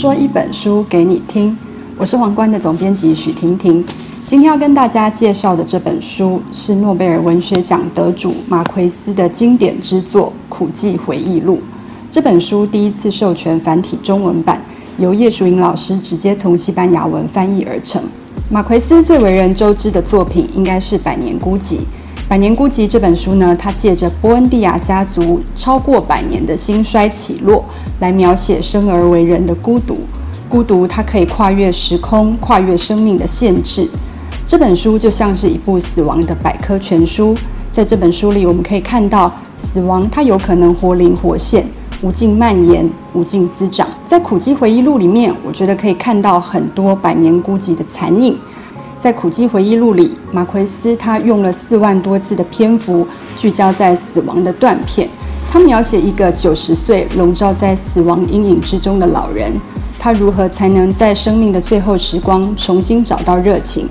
說一本書給你聽，我是皇冠的總編輯許婷婷。今天要跟大家介紹的這本書是諾貝爾文學獎得主馬奎斯的經典之作《苦妓回憶錄》。這本書第一次授權繁體中文版，由葉淑瑩老師直接從西班牙文翻譯而成。馬奎斯最為人周知的作品應該是《百年孤寂》。《百年孤寂》這本書呢，它借着波恩蒂亞家族超過百年的興衰起落，來描寫生而為人的孤獨。孤獨，它可以跨越時空，跨越生命的限制。這本書就像是一部死亡的百科全書。在這本書裡，我們可以看到死亡，它有可能活靈活現，無盡蔓延，無盡滋長。在《苦妓回憶錄》裡面，我覺得可以看到很多《百年孤寂》的殘影。在《苦妓回憶錄》裡，馬奎斯他用了四萬多字的篇幅聚焦在死亡的斷片。他描寫一個九十歲籠罩在死亡陰影之中的老人，他如何才能在生命的最後時光重新找到熱情？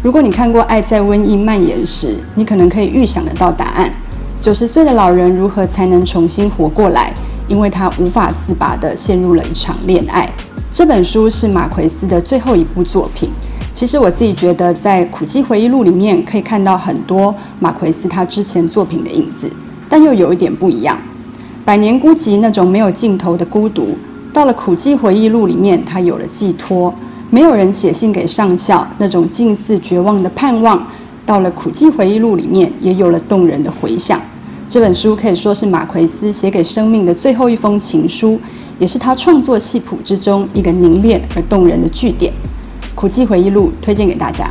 如果你看過《愛在瘟疫蔓延時》，你可能可以預想得到答案：九十歲的老人如何才能重新活過來？因為他無法自拔地陷入了一場戀愛。這本書是馬奎斯的最後一部作品。其實我自己覺得，在《苦妓回憶錄》裡面可以看到很多馬奎斯他之前作品的影子，但又有一點不一樣。《百年孤寂》那種沒有盡頭的孤獨，到了《苦妓回憶錄》裡面，它有了寄託。沒有人寫信給上校那種近似絕望的盼望，到了《苦妓回憶錄》裡面，也有了動人的回響。這本書可以說是馬奎斯寫給生命的最後一封情書，也是他創作系譜之中一個凝練而動人的句點。《苦妓回憶錄》推薦給大家。